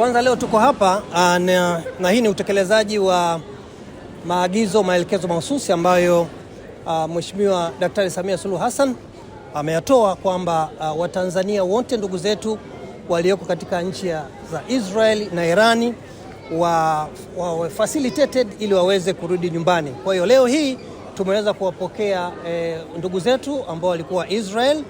Kwanza leo tuko hapa ah, na, na hii ni utekelezaji wa maagizo maelekezo mahususi ambayo ah, Mheshimiwa Daktari Samia Suluhu Hassan ameyatoa kwamba ah, Watanzania wote ndugu zetu walioko katika nchi za Israel na Irani wa, wa facilitated ili waweze kurudi nyumbani. Kwa hiyo leo hii tumeweza kuwapokea eh, ndugu zetu ambao walikuwa Israel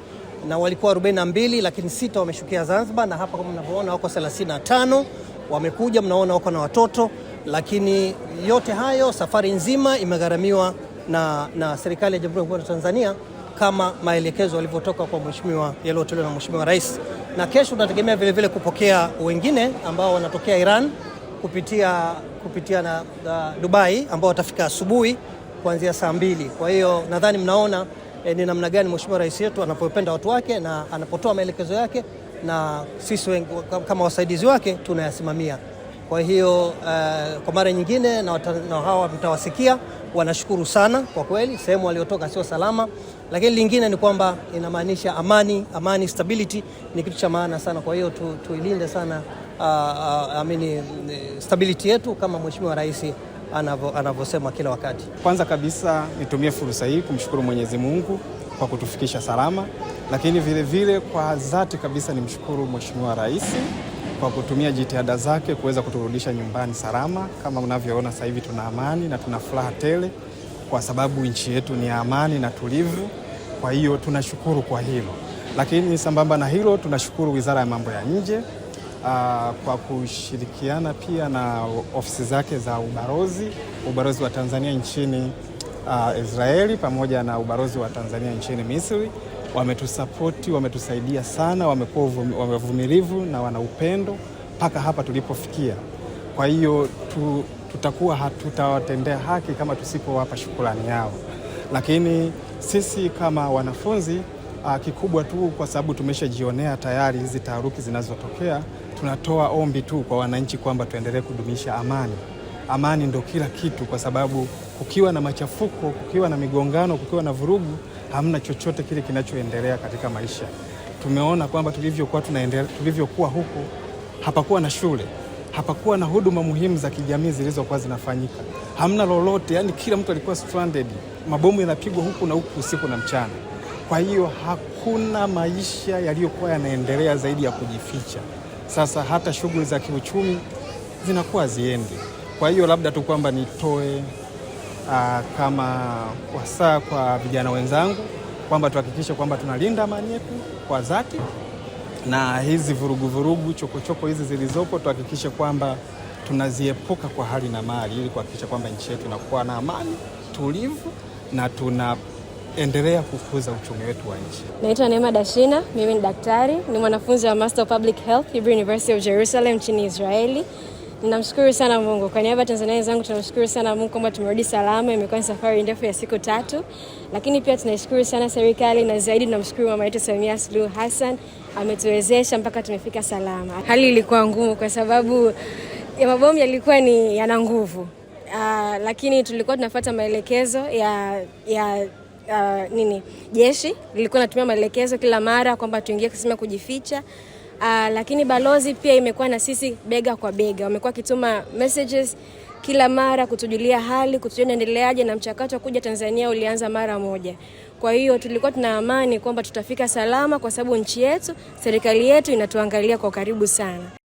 na walikuwa 42 lakini sita wameshukia Zanzibar, na hapa kama mnavyoona wako 35 wamekuja, mnaona wako na watoto. Lakini yote hayo safari nzima imegharamiwa na, na serikali ya Jamhuri ya Muungano wa Tanzania kama maelekezo yalivyotoka kwa mheshimiwa, yaliyotolewa na mheshimiwa rais, na kesho tunategemea vilevile kupokea wengine ambao wanatokea Iran kupitia, kupitia na, na Dubai ambao watafika asubuhi kuanzia saa mbili. Kwa hiyo nadhani mnaona e, ni namna gani mheshimiwa rais wetu anapopenda watu wake na anapotoa maelekezo yake, na sisi wengi, kama wasaidizi wake tunayasimamia. Kwa hiyo uh, kwa mara nyingine na, na hawa mtawasikia wanashukuru sana kwa kweli, sehemu waliotoka sio salama, lakini lingine ni kwamba inamaanisha amani. Amani, stability ni kitu cha maana sana, kwa hiyo tu, tuilinde sana uh, uh, amini eh, stability yetu kama mheshimiwa rais anavyosema kila wakati. Kwanza kabisa nitumie fursa hii kumshukuru Mwenyezi Mungu kwa kutufikisha salama, lakini vilevile vile kwa dhati kabisa nimshukuru Mheshimiwa Rais kwa kutumia jitihada zake kuweza kuturudisha nyumbani salama. Kama mnavyoona sasa hivi tuna amani na tuna furaha tele, kwa sababu nchi yetu ni amani na tulivu. Kwa hiyo tunashukuru kwa hilo, lakini sambamba na hilo tunashukuru Wizara ya Mambo ya Nje uh, kwa kushirikiana pia na ofisi zake za ubarozi ubarozi wa Tanzania nchini uh, Israeli pamoja na ubarozi wa Tanzania nchini Misri wametusapoti, wametusaidia sana, wamekuwa wamevumilivu na wana upendo mpaka hapa tulipofikia. Kwa hiyo tu, tutakuwa hatutawatendea haki kama tusipowapa shukrani yao, lakini sisi kama wanafunzi ah, kikubwa tu kwa sababu tumeshajionea tayari hizi taharuki zinazotokea tunatoa ombi tu kwa wananchi kwamba tuendelee kudumisha amani. Amani ndio kila kitu, kwa sababu kukiwa na machafuko, kukiwa na migongano, kukiwa na vurugu, hamna chochote kile kinachoendelea katika maisha. Tumeona kwamba tulivyokuwa tunaendelea, tulivyokuwa huko, hapakuwa na shule, hapakuwa na huduma muhimu za kijamii zilizokuwa zinafanyika, hamna lolote. Yani kila mtu alikuwa stranded, mabomu yanapigwa huku na huku, usiku na mchana. Kwa hiyo hakuna maisha yaliyokuwa yanaendelea zaidi ya kujificha. Sasa hata shughuli za kiuchumi zinakuwa ziendi. Kwa hiyo labda tu kwamba nitoe aa, ah, kama wasaa kwa vijana wenzangu kwamba tuhakikishe kwamba tunalinda amani yetu kwa dhati, na hizi vuruguvurugu, chokochoko hizi zilizopo tuhakikishe kwamba tunaziepuka kwa hali na mali, ili kuhakikisha kwamba nchi yetu inakuwa na amani tulivu na tuna endelea kukuza uchumi wetu wa nchi. Naitwa Neema Dashina, mimi ni daktari, ni mwanafunzi wa Master of Public Health Hebrew University of Jerusalem nchini Israeli. Ninamshukuru sana Mungu kwa niaba ya Tanzania wenzangu, tunamshukuru sana Mungu kwamba tumerudi salama. Imekuwa ni safari ndefu ya siku tatu, lakini pia tunaishukuru sana serikali na zaidi tunamshukuru mama yetu Samia Suluhu Hassan, ametuwezesha mpaka tumefika salama. Hali ilikuwa ngumu kwa sababu ya mabomu yalikuwa ni yana nguvu uh, lakini tulikuwa tunafuata maelekezo ya, ya uh, nini jeshi lilikuwa natumia maelekezo kila mara kwamba tuingie kusema kujificha. Uh, lakini balozi pia imekuwa na sisi bega kwa bega, wamekuwa wakituma messages kila mara kutujulia hali, kutujua naendeleaje, na mchakato wa kuja Tanzania ulianza mara moja. Kwa hiyo tulikuwa tuna amani kwamba tutafika salama, kwa sababu nchi yetu, serikali yetu inatuangalia kwa karibu sana.